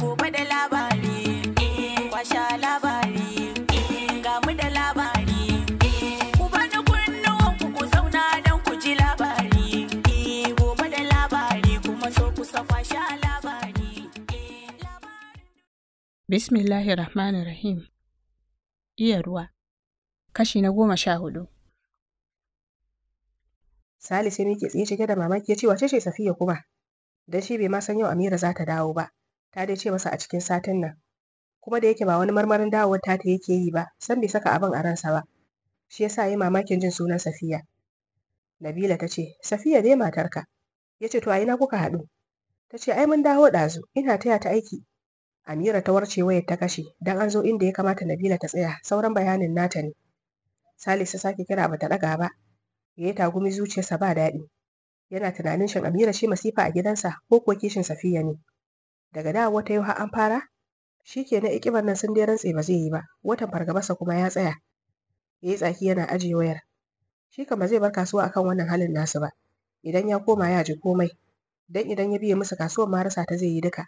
gobe da labari eh, kwasha labari eh, ga mu da labari eh, ku bani kunnuwan ku ku zauna don ku ji labari gobe da labari kuma so ku sa kwasha labari bismillahir rahmanir rahim iya ruwa kashi na goma sha hudu Salisu ne ke tsaye cike da mamaki ya ce wace ce Safiya kuma? Dan shi bai ma san yau Amira za ta dawo ba. ta dai ce masa a cikin satin nan kuma da yake ba wani marmarin dawowar ta yake yi ba san bai saka abin a ransa ba shi yasa yi mamakin jin sunan safiya nabila ta ce safiya dai matarka ya ce to a ina kuka haɗu ta ce ai mun dawo ɗazu ina taya ta aiki amira ta warce wayar ta kashe don an zo inda ya kamata nabila ta tsaya sauran bayanin nata ne salisu sake kira bata ɗaga ba ya yi tagumi zuciyarsa ba daɗi yana tunanin shin amira shi masifa a gidansa ko kuwa kishin safiya ne daga da wata yau har an fara shi ke na ikibar nan sun dai rantse ba zai yi ba watan fargabarsa kuma ya tsaya ya tsaki yana ajiye wayar shi kama zai bar kasuwa akan wannan halin nasu ba idan ya koma ya ji komai dan idan ya biye musu kasuwar ma ta zai yi duka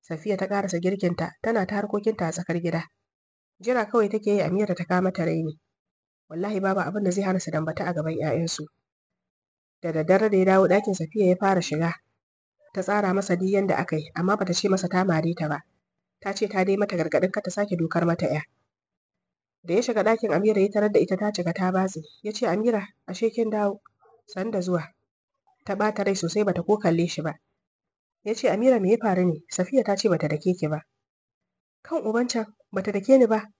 safiya ta karasa girkinta tana ta harkokinta a tsakar gida jira kawai take yi amira ta kama ta raini wallahi babu abin da zai hana su dambata a gaban 'ya'yansu da daddare da ya dawo ɗakin safiya ya fara shiga ta tsara masa duk yanda aka yi amma ta ce masa ta mare ta ba ta ce ta dai mata gargaɗin ka ta sake dokar mata ya da ya shiga ɗakin amira ya tarar da ita ta cika ta batse ya ce amira ashe kin dawo san da zuwa ta ɓata rai sosai bata ko kalle shi ba ya ce amira me ya faru ne safiya ta ce bata dake ki ba kan uban can bata dake ni ba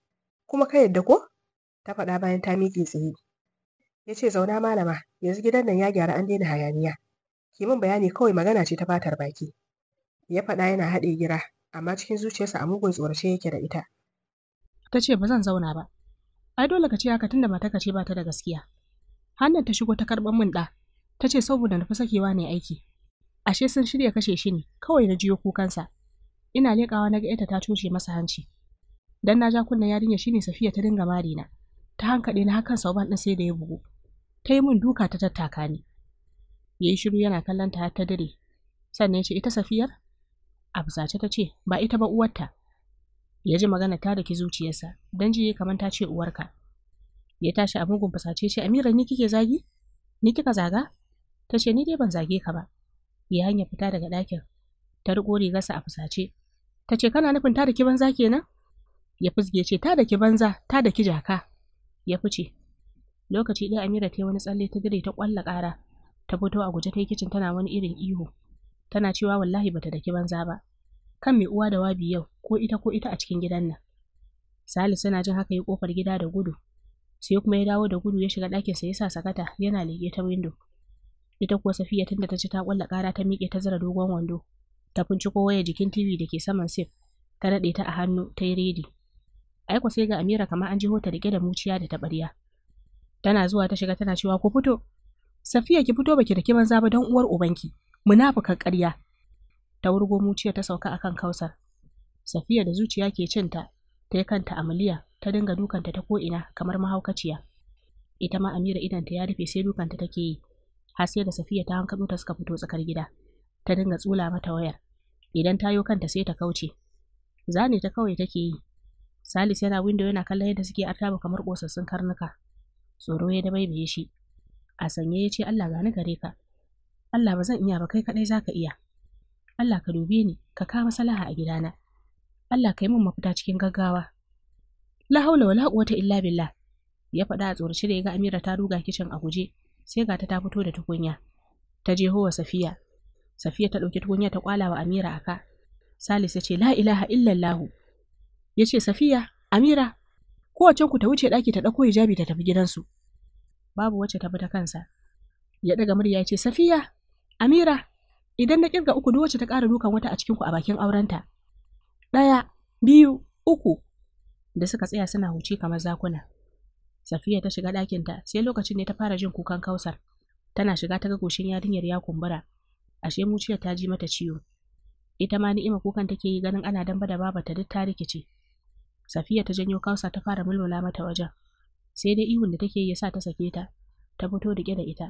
kuma ka yadda ko ta faɗa bayan ta miƙe tsaye ya ce zauna malama yanzu gidan nan ya gyara an daina hayaniya Ki bayani kawai magana ce ta fatar baki. Ya faɗa yana haɗe gira, amma cikin zuciyarsa a mugun tsorace yake da ita. Ta ce ba zan zauna ba. Ai dole ka ce haka tunda mata ka ce bata ta da gaskiya. Hannun ta shigo ta karɓar min ɗa. Ta ce saboda nufi sakewa ne aiki. Ashe sun shirya kashe shi ne, kawai na jiyo kukansa. Ina leƙawa na ga ita ta toshe masa hanci. Dan na ja kunnen yarinya ne Safiya ta dinga Marina. na. Ta hankali na hakan sauban ɗin sai da ya bugu. Ta yi min duka ta tattaka ni. ya yi shiru yana kallon ta har ta dare sannan ya ce ita safiyar a fusace ta ce ba ita ba uwarta ya ji magana ta da ki zuciyarsa don ji kamar ta ce uwarka ya tashi a mugun fusace ce amira ni kike zagi ni kika zaga ta ce ni dai ban zage ka ba ya hanya fita daga ɗakin ta riƙo rigarsa a fusace ta ce kana nufin ta da ki banza kenan ya fusge ce ta da ki banza ta da ki jaka ya fice lokaci ɗaya amira ta yi wani tsalle ta dire ta ƙwalla ƙara ta fito a guje ta kicin tana wani irin ihu tana cewa wallahi bata daki banza ba kan mai uwa da wabi yau ko ita ko ita a cikin gidan nan Salisu yana jin haka ya kofar gida da gudu sai kuma ya dawo da gudu ya shiga ɗakin sa yasa sakata yana leƙe ta windo. ita kuwa Safiya tunda ta ci ta kwalla kara ta miƙe ta zara dogon wando ta ko waya jikin TV da ke saman sif ta daɗe ta a hannu ta yi redi aiko sai ga Amira kamar an jiho ta rike da muciya da taɓarya tana zuwa ta shiga tana cewa ku fito Safiya ki fito baki da ki banza ba don uwar ubanki, munafukan ƙarya. Ta wurgo muciya ta sauka akan kausar. Safiya da zuciya ke cinta, ta yi kanta amaliya, ta dinga dukanta ta ko'ina kamar mahaukaciya. Ita ma Amira idanta ya rufe sai dukanta take yi, har da Safiya ta hankalo ta suka fito tsakar gida. Ta dinga tsula mata wayar, idan ta yo kanta sai ta kauce. Zane ta kawai take yi, Salis yana windo yana kallon yadda suke artaba kamar ƙosassun karnuka. Tsoro ya dabaibaye shi, a sanye ya ce Allah gani gare ka Allah ba zan iya ba kai kaɗai za ka iya Allah ka dube ni ka kawo salaha a gidana Allah ka yi min mafita cikin gaggawa la haula wala quwwata illa billah ya faɗa a tsorace da ya ga Amira ta ruga kicin a guje sai ga ta ta fito da tukunya ta je howa Safiya Safiya ta ɗauki tukunya ta kwala wa Amira aka Salis ya ce la ilaha illallahu ya ce Safiya Amira kowace ku ta wuce ɗaki ta ɗauko hijabi ta tafi gidansu babu wacce ta bi ta kansa ya daga murya ya ce safiya amira idan na kirga uku duk wacce ta ƙara dukan wata a cikin ku a bakin aurenta ɗaya biyu uku da suka tsaya suna huce kamar zakuna safiya ta shiga ɗakinta sai lokacin ne ta fara jin kukan kausar tana shiga ta ga goshin yarinyar ya kumbura ashe muciyar ta ji mata ciwo ita ma ni'ima kukan take yi ganin ana damba da babata duk ta rikice Safiya ta janyo kausa ta fara mulmula mata wajen. sai dai ihun da take ya sa ta sake ta ta fito rike da ita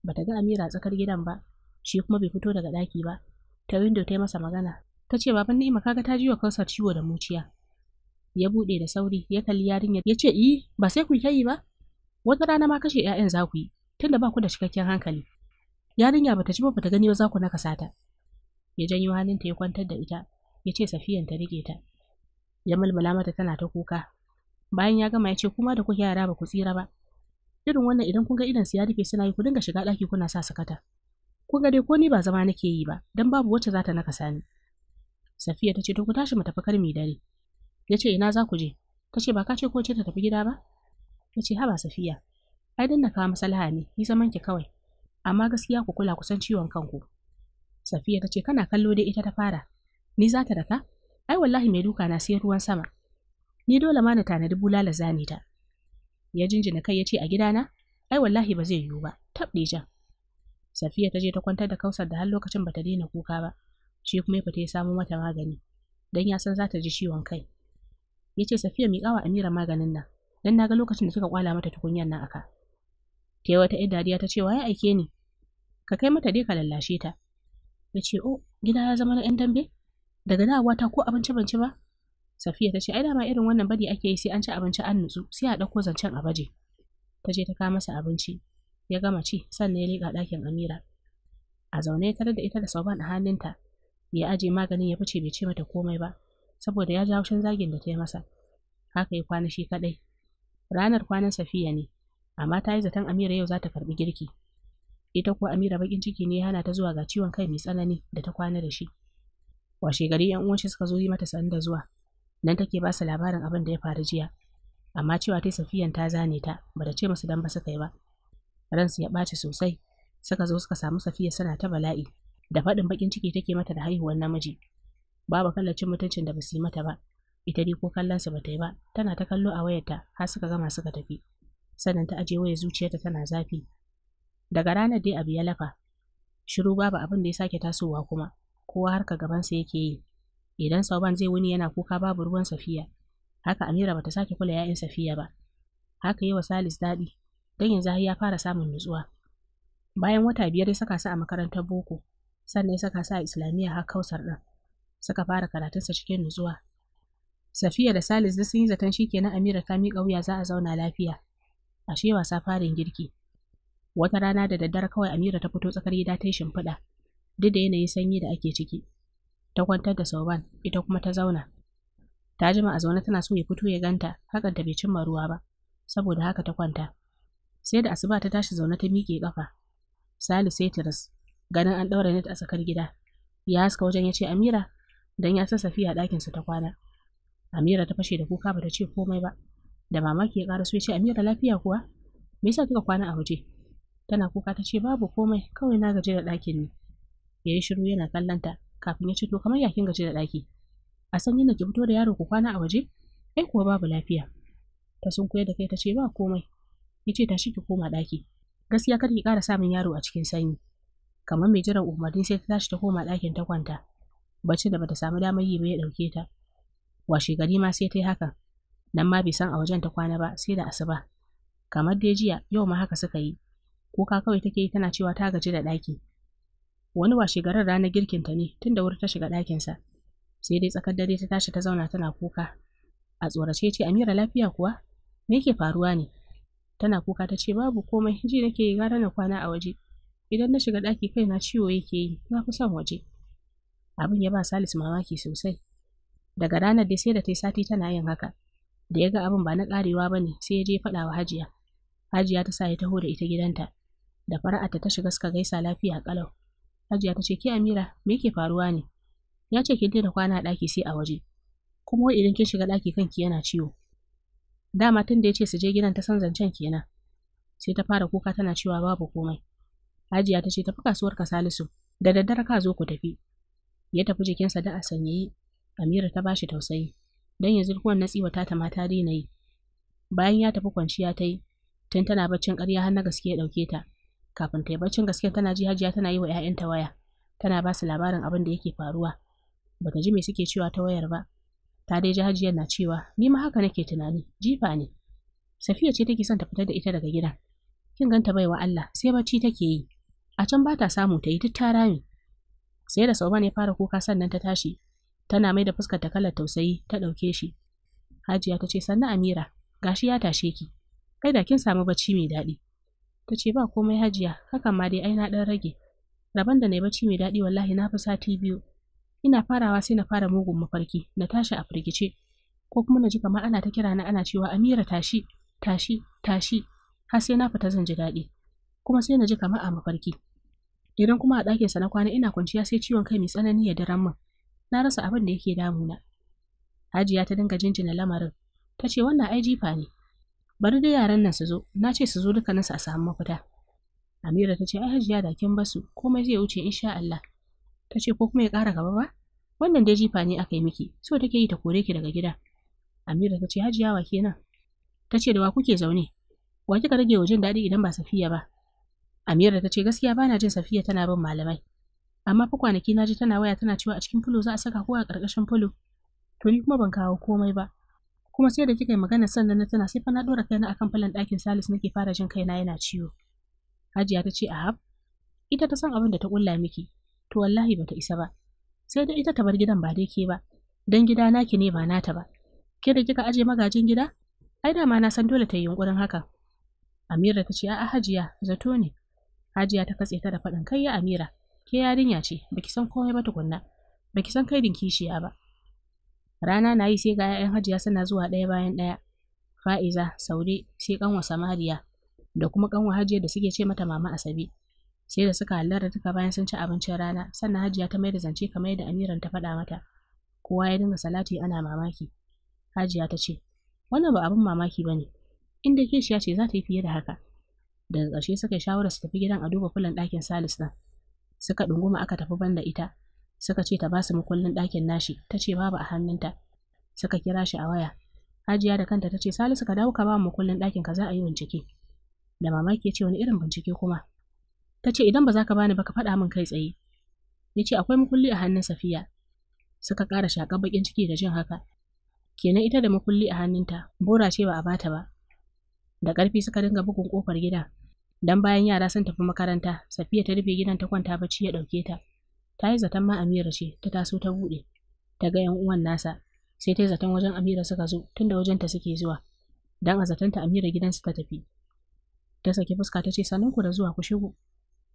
Ba ta ga Amira tsakar gidan ba shi kuma bai fito daga daki ba ta window ta yi masa magana ta ce baban Ni'ima kaga ta jiwa kausar ciwo da muciya ya buɗe da sauri ya kalli yarinyar ya ce i ba sai ku kai ba wata rana ma kashe 'ya'yan za ku yi tunda ba ku da cikakken hankali yarinya bata ci ba ta gani ba za ku nakasa ta ya janyo hannunta ya kwantar da ita ya ce safiyan ta rike ta ya mulmula mata tana ta kuka bayan ya gama ya ce kuma da kuke yara ba ku tsira ba irin wannan idan kun ga idan su ya rufe suna yi ku dinga shiga daki kuna sa sakata kun ga dai ko ni ba zama nake yi ba dan babu wacce za ta naka Sani? safiya ta ce to ku tashi mu tafi karmi dare ya ce ina za ku je ta ce ba ka ce ko ce ta tafi gida ba ya ce haba safiya ai dan na kawo maslaha ne ni zaman ki kawai amma gaskiya ku kula kusan ciwon kanku safiya ta ce kana kallo dai ita ta fara ni za ta daka ai wallahi mai duka na sai ruwan sama ni dole ma na tanadi bulala zani ta ya jinjina kai ya ce a gidana ai wallahi ba zai yiwu ba tabɗe jan safiya ta je ta kwantar da kausar da har lokacin bata daina kuka ba shi kuma ya fita ya samo mata magani dan ya san za ta ji ciwon kai ya ce safiya mi kawa amira maganin nan dan na ga lokacin da kika kwala mata tukunyar nan aka ta wata yar dariya ta ce waye aike ni ka kai mata dai ka lallashe ta ya ce oh gida ya zama na yan dambe daga dawowa ta ko abinci ban ci ba Safiya ta ce ai dama irin wannan bari ake yi sai an ci abinci an nutsu sai a dauko zancen a baje. Ta je ta kawo masa abinci ya gama ci sannan ya leƙa ɗakin Amira. A zaune ya tarar da ita da sauban a hannunta ya aje maganin ya fice bai ce mata komai ba saboda ya ji haushin zagin da ta yi masa. Haka ya kwana shi kaɗai. Ranar kwanan Safiya ne amma ta yi zaton Amira yau za ta karɓi girki. Ita ko Amira baƙin ciki ne ya hana ta zuwa ga ciwon kai mai tsanani da ta kwana da shi. Washe gari 'yan uwan shi suka zo yi mata sanda zuwa dan take ba su labarin abin da ya faru jiya amma cewa ta safiyan ta zane ta ba da ce musu dan ba su yi ba ransu ya ɓace sosai suka zo suka samu safiya suna ta bala'i da faɗin bakin ciki take mata da haihuwar namiji babu kallacin mutuncin da ba su yi mata ba ita dai ko kallon su ba ta yi ba tana ta kallo a wayarta har suka gama suka tafi sannan ta aje waya zuciyarta tana zafi daga ranar dai abu ya lafa shiru babu abin da ya sake tasowa kuma kowa harka gabansa yake yi idan sauban zai wuni yana kuka babu ruwan safiya haka amira bata sake kula ya'yan safiya ba haka yi wa salis daɗi don yanzu har ya fara samun nutsuwa bayan wata biyar ya saka su a makarantar boko sannan ya saka su a islamiyya har kausar ɗin suka fara karatunsa cikin nutsuwa safiya da salis da sun yi zaton shi kenan amira ta miƙa wuya za a zauna lafiya ashe wasa farin girki wata rana da daddare kawai amira ta fito tsakar gida ta yi shimfiɗa duk da yanayin sanyi da ake ciki ta kwantar da sauban ita kuma ta zauna ta jima a zaune tana so ya fito ya ganta hakan ta bai cimma ruwa ba saboda haka ta kwanta sai da asuba ta tashi zaune ta miƙe kafa Salisu sai ganin an ɗaura net a tsakar gida ya haska wajen ya ce Amira dan ya san Safiya ɗakinsa ta kwana Amira ta fashe da kuka ba ta ce komai ba da mamaki ya ƙara so ya ce Amira lafiya kuwa me yasa kika kwana a waje tana kuka ta ce babu komai kawai na gaji da ɗakin ne yi shiru yana kallanta kafin ya ce to kamar yakin gaji da daki. a san yadda ki fito da yaro ku kwana a waje ai kuwa babu lafiya ta sunkuya da kai ta ce ba komai ya ce tashi ki koma ɗaki gaskiya kar ki ƙara samun yaro a cikin sanyi kamar mai jiran umarni sai ta tashi ta koma ɗakin ta kwanta bace da bata samu damar yi ba ya ɗauke ta washe gari ma sai ta yi haka nan ma bai san a wajen ta kwana ba sai da asuba kamar dai jiya yau ma haka suka yi kuka kawai take yi tana cewa ta gaji da ɗaki wani washe garin ranar ta ne tun da wuri ta shiga ɗakinsa sai dai tsakar dare ta tashi ta zauna tana kuka a tsorace ce amira lafiya kuwa me yake faruwa ne tana kuka ta ce babu komai ji nake yi gara na kwana a waje idan na shiga ɗaki kai na ciwo yake yi na fi son waje abin ya ba salis mamaki sosai daga ranar dai sai da ta yi sati tana yin haka da ya ga abin ba na karewa ba ne sai ya je faɗa wa hajiya hajiya ta sa ya taho da ita gidanta da fara'ata ta shiga suka gaisa lafiya kalau Hajiya ta ce ke Amira me yake faruwa ne? Ya ce kin da kwana a ɗaki sai a waje. Kuma wai idan kin shiga ɗaki kanki yana ciwo. Dama tun da ya ce su je gidan ta san zancen kenan. Sai ta fara kuka tana cewa babu komai. Hajiya ta ce tafi kasuwar ka Salisu da daddare ka zo ku tafi. Ya tafi jikinsa da a sanyaye. Amira ta bashi tausayi don yanzu kuwan na tsiwa ta mata ta daina yi. Bayan ya tafi kwanciya ta yi tun tana baccin ƙarya har na gaske ya ɗauke ta. kafin ta yi baccin gaske tana ji hajiya tana yi wa 'ya'yanta waya tana ba su labarin abin da yake faruwa bata ji mai suke cewa ta wayar ba ta dai ji hajiyar na cewa ni ma haka nake tunani jifa ne safiya ce take son ta fitar da ita daga gidan kin ganta baiwa Allah sai bacci take yi a can ba ta samu ta yi duk ta rami sai da sauban ya fara kuka sannan ta tashi tana mai da fuskar ta kalar tausayi ta ɗauke shi hajiya ta ce sannan amira gashi ya tashe ki kai da kin samu bacci mai daɗi ta ce ba komai hajiya hakan ma dai ai na dan rage rabon da na yi bacci mai daɗi wallahi na fi sati biyu ina farawa sai na fara mugun mafarki na tashi a firgice ko kuma na ji kamar ana ta kira na ana cewa amira tashi tashi tashi har sai na fita zan ji daɗi kuma sai na ji kamar a mafarki idan kuma a ɗakinsa na kwana ina kwanciya sai ciwon kai mai tsanani ya daren min na rasa abin da yake damuna hajiya ta dinga jinjina lamarin ta ce wannan ai jifa ne bari dai yaran nan su zo na ce su zo duka dukkaninsu a samu mafita amira ta ce ai hajiya da kin basu komai zai wuce insha Allah ta ce ko kuma ya ƙara gaba ba wannan dai jifa ne aka yi miki so take yi ta kore ki daga gida amira ta ce hajiya wa kenan ta ce da wa kuke zaune wa kika rage wajen jin daɗi idan ba safiya ba amira ta ce gaskiya bana jin safiya tana bin malamai amma fa kwanaki na ji tana waya tana cewa a cikin fulo za a saka koWa a ƙarƙashin fulo to ni kuma ban kawo komai ba kuma sai da kika yi magana sannan na tana sai fa na dora kaina akan falon ɗakin Salisu nake fara jin kaina yana ciwo. Hajiya ta ce a Hab? ita ta san abin da ta kulla miki to wallahi bata isa ba sai dai ita ta bar gidan ba dai ke ba dan gida naki ne ba nata ba ke da kika aje magajin gida ai da ma na san dole ta yi yunkurin haka Amira ta ce a'a Hajiya zato ne Hajiya ta katse ta da faɗin kai ya Amira ke yarinya ce baki san komai ba tukunna baki san kai din kishiya ba Rana na yi sai ga 'ya'yan Hajiya suna zuwa ɗaya bayan ɗaya. Fa'iza, saure sai ƙanwa Samariya da kuma ƙanwa Hajiya da suke ce mata Mama Asabe. Sai da suka halarta duka bayan sun ci abincin rana, sannan Hajiya ta mai da zance kamar yadda Amiran ta faɗa mata. Kowa ya dinga salati ana mamaki. Hajiya ta ce, Wannan ba abin mamaki ba ne, inda Kishiya ce za ta yi fiye da haka. Daga ƙarshe suka yi shawarar su tafi gidan a duba fulan ɗakin Salis ɗin. Suka ɗunguma aka tafi banda ita, suka ce ta ba su mukullin ɗakin nashi ta ce babu a hannunta suka kira shi a waya hajiya da kanta ta ce salisu ka dawo ka ba mukullin ɗakin ka za a yi bincike da mamaki ya ce wani irin bincike kuma ta ce idan ba za ka bani ba ka faɗa min kai tsaye ya ce akwai mukulli a hannun safiya suka ƙara shaƙar baƙin ciki da jin haka kenan ita da makulli a hannunta bora ce ba a bata ba da ƙarfi suka dinga bugun ƙofar gida dan bayan yara sun tafi makaranta safiya ta rufe gidan ta kwanta bacci ya ɗauke ta ta yi zaton ma Amira ce ta taso ta buɗe ta ga yan uwan nasa sai ta yi zaton wajen Amira suka zo tunda wajen ta suke zuwa dan a zaton ta Amira gidansu ta tafi ta saki fuska ta ce sanin ku da zuwa ku shigo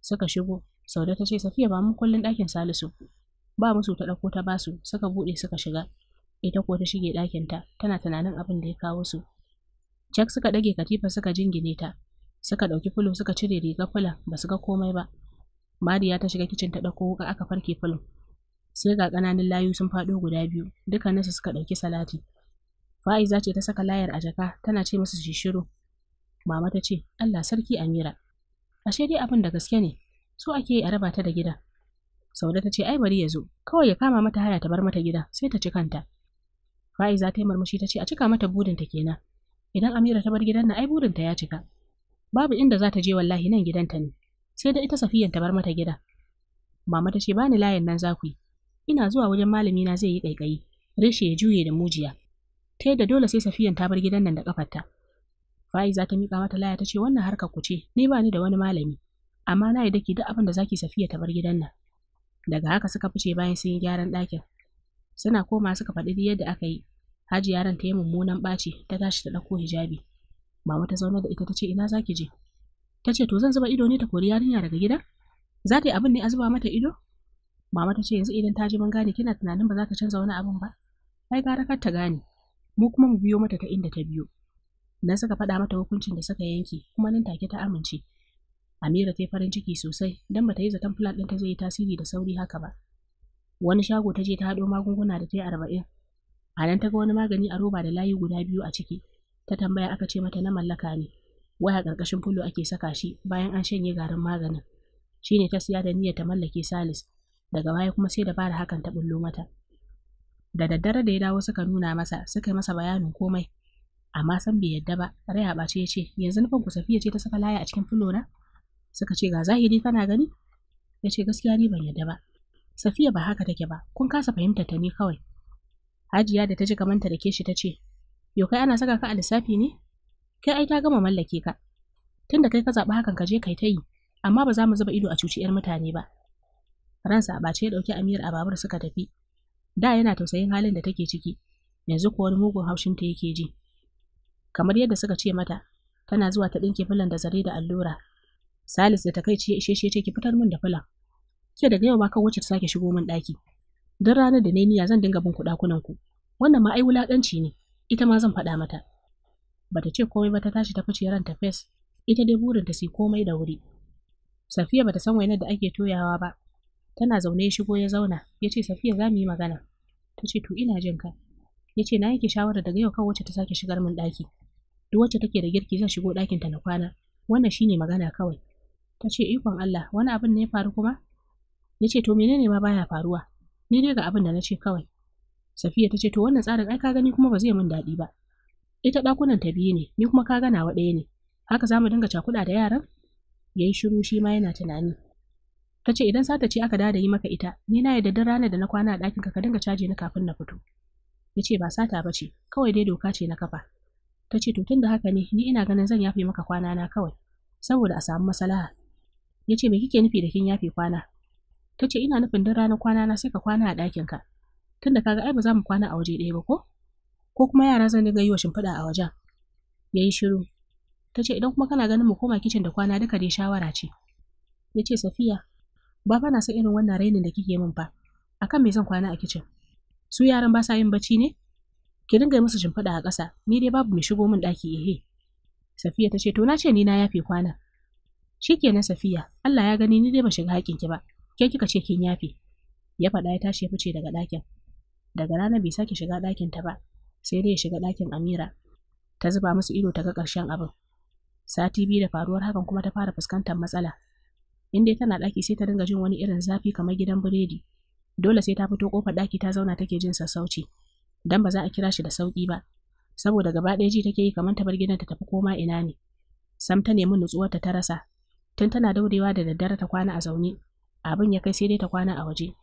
suka shigo Saude ta ce Safiya ba mu kullun ɗakin Salisu ba musu ta ɗauko ta basu suka buɗe suka shiga ita kuwa ta shige ɗakin ta tana tunanin abin da ya kawo su Jack suka ɗage katifa suka jingine ta suka ɗauki fulo suka cire riga fula ba su ga komai ba Mariya ta shiga kicin ta ɗauko wuka aka farke falo Sai ga ƙananan layu sun faɗo guda biyu, dukkaninsu suka ɗauki salati. Fa'iza ce ta saka layar a jaka tana ce musu shi shiru. Mama ta ce, Allah sarki Amira. Ashe dai abin da gaske ne, so ake yi a raba ta da gida. Sauda ta ce, ai bari ya zo, kawai ya kama mata haya ta bar mata gida, sai ta ci kanta. Fa'iza ta yi murmushi ta ce, a cika mata burinta kenan. Idan Amira ta bar gidan nan ai burinta ya cika. Babu inda za ta je wallahi nan gidanta ne. sai da ita safiyan ta bar mata gida mama ta ce ba ni layin nan za ku yi ina zuwa wajen malami na zai yi kaikayi reshe ya juye da mujiya ta yadda dole sai safiyan ta bar gidan nan da Fa'i fa'iza ta mika mata laya ta ce wannan harkar ku ce ni ba ni da wani malami amma na yi daki duk abin da zaki safiya ta bar gidan nan daga haka suka fice bayan sun yi gyaran ɗakin suna koma suka faɗi yadda aka yi hajiya ran ta yi mummunan ɓaci ta tashi ta ɗauko hijabi mama ta zauna da ita ta ce ina zaki je ta ce to zan zuba ido ne ta kori yarinya daga gida za ta yi abin ne a zuba mata ido mama ta ce yanzu idan ta je mun gane kina tunanin ba za ta canza wani abin ba ai gara kar ta gane mu kuma mu biyo mata ta inda ta biyo Na saka faɗa mata hukuncin da suka yanke kuma nan take ta amince Amira ta yi farin ciki sosai dan bata yi zaton plan ɗin ta zai yi tasiri da sauri haka ba wani shago ta je ta haɗo magunguna da ta yi arba'in a nan ta ga wani magani a roba da layi guda biyu a ciki ta tambaya aka ce mata na mallaka ne waya ƙarƙashin fulo ake saka shi bayan an shanye garin maganin shi ne ta siya da niyyar ta mallake salis daga baya kuma sai da da hakan ta bullo mata da daddare da ya dawo suka nuna masa suka yi masa bayanin komai amma san bai yadda ba rai a ɓace ya ce yanzu nufin ku safiya ce ta saka laya a cikin fulo na suka ce ga zahiri kana gani ya ce gaskiya ni ban yadda ba safiya ba haka take ba kun kasa fahimta ta ne kawai hajiya da ta ji kamanta da ke shi ta ce yau kai ana saka ka a lissafi ne kai ai ta gama mallake ka tunda kai ka zaɓi hakan ka je kai ta yi amma ba za mu zuba ido a cuci 'yar mutane ba ransa a ya ɗauki amir a babur suka tafi da yana tausayin halin da take ciki yanzu kuwa wani mugun haushin ta yake ji kamar yadda suka ce mata tana zuwa ta ɗinke filan da zare da allura salis da takaici ya ishe ce ki fitar min da filan ke daga yau ma kan wacce ta sake shigo min ɗaki don ranar da na zan dinga bin ku ku wannan ma ai wulaƙanci ne ita ma zan faɗa mata bata ce komai ba ta tashi ta fice ranta fes ita dai burin ta sai komai da wuri safiya bata san waina da ake toyawa ba tana zaune ya shigo ya zauna ya ce safiya za mu yi magana ta ce to ina jin ka ya ce na yake shawara daga yau kan wacce ta sake shigar min ɗaki duk wacce take da girki zan shigo ɗakin ta na kwana wannan shine magana kawai ta ce ikon Allah wani abin ne ya faru kuma ya ce to menene ma baya faruwa ni dai ga abin da na ce kawai safiya ta ce to wannan tsarin ai ka gani kuma ba zai min daɗi ba ita ɗakunan ta biyu ne ni kuma ka gana wa ɗaya ne haka za mu dinga cakuɗa da yaran yayi shiru shi ma yana tunani ta ce idan sata ce aka dada yi maka ita ni na yadda duk ranar da na kwana a ɗakin ka ka dinga caji ni kafin na fito ya ce ba sata ba ce kawai dai doka ce na kafa ta ce to tun da haka ne ni ina ganin zan yafe maka kwana na kawai saboda a samu maslaha ya ce me kike nufi da kin yafe kwana ta ce ina nufin duk ranar kwana na sai ka kwana a ɗakin ka tunda kaga ai ba za mu kwana a waje ɗaya ba ko ko kuma yara zan dinga yi wa shimfiɗa a wajen ya yi shiru ta ce idan kuma kana ganin mu koma kicin da kwana duka dai shawara ce ya ce safiya ba na san irin wannan rainin da kike min fa akan me zan kwana a kicin su yaran ba sa yin bacci ne ki dinga musu shimfiɗa a ƙasa ni dai babu mai shigo min ɗaki ehe safiya ta ce to na ce ni na yafe kwana shikenan safiya Allah ya gani ni dai ba shiga haƙin ki ba ke kika ce kin yafe ya faɗa ya tashi ya fice daga ɗakin daga rana bai sake shiga ɗakin ta ba sai dai ya shiga ɗakin Amira ta zuba musu ido ta ga ƙarshen abin. Sati biyu da faruwar hakan kuma ta fara fuskantar matsala. In dai tana ɗaki sai ta dinga jin wani irin zafi kamar gidan biredi. Dole sai ta fito ƙofar ɗaki ta zauna take jin sassauci. Dan ba za a kira shi da sauƙi ba. Saboda gaba ɗaya ji take yi kamar ta bar gidan ta tafi koma ina ne. Sam ta nemi nutsuwarta ta rasa. Tun tana daurewa da daddare ta kwana a zaune. Abin ya kai sai dai ta kwana a waje.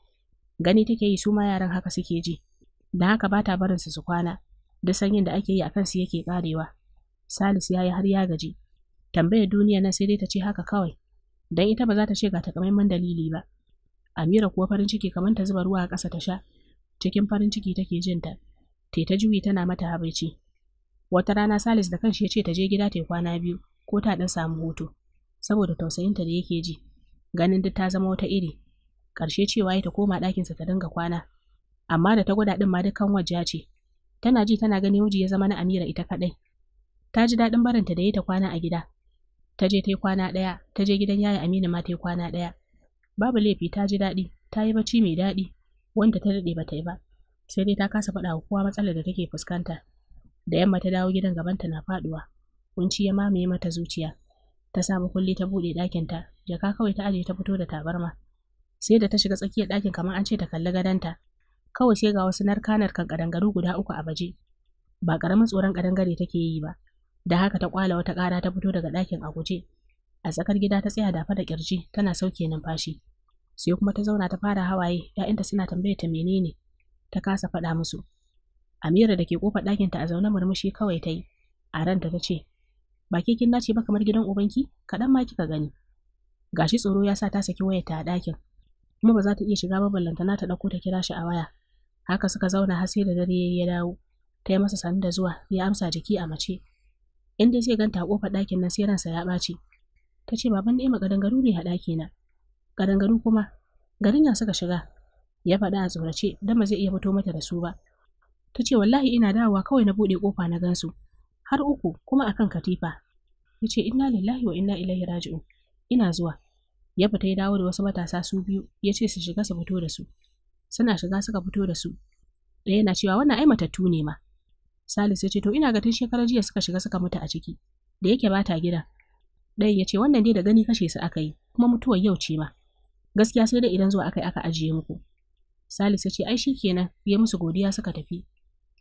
Gani take yi su ma yaran haka suke ji. dan haka ba ta barinsu su kwana. da sanyin da ake yi a kansu yake karewa salis ya yi har ya gaji tambayar duniya na sai dai ta ce haka kawai dan ita ba za ta ce ga takamaiman dalili ba amira kuwa farin ciki kamar ta zuba ruwa a ƙasa ta sha cikin farin ciki take jin ta te ta juyi tana mata habaici wata rana salis da kanshi ya ce ta je gida ta kwana biyu ko ta dan samu hutu saboda tausayinta da yake ji ganin duk ta zama wata iri Karshe cewa ya ta koma ɗakinsa ta dinga kwana amma da ta gwada din ma dukkan wajja ce tana ji tana ganin miji ya zama na Amira ita kadai. Ta ji daɗin barinta da ya ta kwana a gida. Ta je ta yi kwana ɗaya, ta je gidan yayi Aminu ma ta yi kwana ɗaya. Babu laifi ta ji daɗi, ta yi bacci mai daɗi, wanda ta daɗe ba ta yi ba. Sai dai ta kasa faɗa wa kowa matsalar da take fuskanta. Da yamma ta dawo gidan gabanta na faɗuwa. Kunci ya mamaye mata zuciya. Ta samu kulli ta buɗe ta jaka kawai ta aje ta fito da tabarma. Sai da ta shiga tsakiyar ɗakin kamar an ce ta kalli ta. kawai sai ga wasu narkanar kan kadangaru guda uku a baje. Ba karamin tsoron ƙadangare take yi ba, da haka ta kwala wata kara ta fito daga ɗakin a guje. A tsakar gida ta tsaya dafa da kirji tana sauke numfashi. Sai kuma ta zauna ta fara hawaye, ‘ya'yanta suna tambaye ta menene, ta kasa faɗa musu. Amira da ke kofar ɗakinta a zaune murmushi kawai ta yi, a ranta ta ce, Ba ke kin nace ba kamar gidan ubanki, kaɗan ma kika gani. Gashi tsoro ya sa ta saki wayarta a dakin kuma ba za ta iya shiga ba ballantana ta ɗauko ta kira shi a waya haka suka zauna har sai da dare ya dawo ta yi masa sanu da zuwa ya amsa jiki a mace inda zai ganta a kofar ɗakin nan sai ransa ya ɓaci ta ce baban ni'ima kadangaru ne a ɗakina Ƙadangaru kuma garin ya suka shiga ya faɗa a tsorace don ba zai iya fito mata da su ba ta ce wallahi ina dawowa kawai na buɗe kofa na gansu har uku kuma akan katifa ya ce inna lillahi wa inna ilaihi raji'un ina zuwa ya fita ya dawo da wasu matasa su biyu ya ce su shiga su fito da su suna shiga suka fito da su ɗaya yana cewa wannan ai matattu ne ma Salisu ya ce to ina ga tun shekarar jiya suka shiga suka mutu a ciki da yake ba ta gida ɗayan ya ce wannan dai da gani kashe su aka yi kuma mutuwar yau ce ma gaskiya sai dai idan zuwa aka yi aka ajiye muku salis ya ce ai shikenan ya musu godiya suka tafi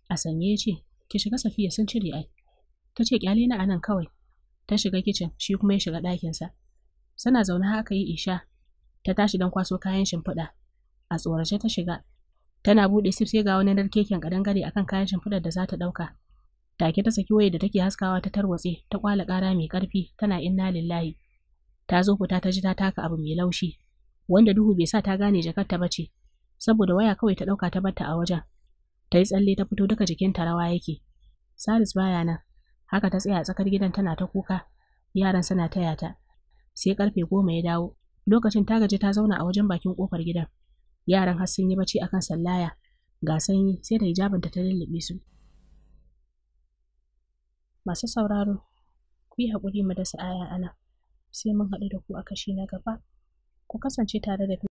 a sanye ya ce ki shiga safiya sun cire ai ta ce kyale na anan kawai ta shiga kicin shi kuma ya shiga ɗakinsa Suna zaune haka yi isha ta tashi don kwaso kayan shimfiɗa a tsorace ta shiga tana buɗe sif sai ga wani narkeken kadangare akan kayan shimfidar da za ta ɗauka take ta saki waye da take haskawa ta tarwatse ta kwala kara mai karfi tana inna lillahi ta zo fita ta ji ta taka abu mai laushi wanda duhu bai sa ta gane jakarta ba ce saboda waya kawai ta ɗauka ta batta a wajen ta yi tsalle ta fito duka jikinta rawa yake salis baya nan haka ta tsaya a tsakar gidan tana ta kuka yaran suna taya ta sai karfe goma ya dawo lokacin ta gaji ta zauna a wajen bakin kofar gidan yaran har sun yi bacci kan sallaya ga sanyi sai da hijabinta ta lullube su masu sauraro ku yi haƙuri mu dasa aya ana sai mun haɗu da ku a kashi na gaba ku kasance tare da